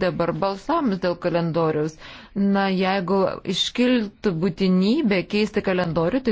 dabar balsams dėl kalendoriaus. Na, jeigu iškiltų būtinybė keisti kalendorių, tai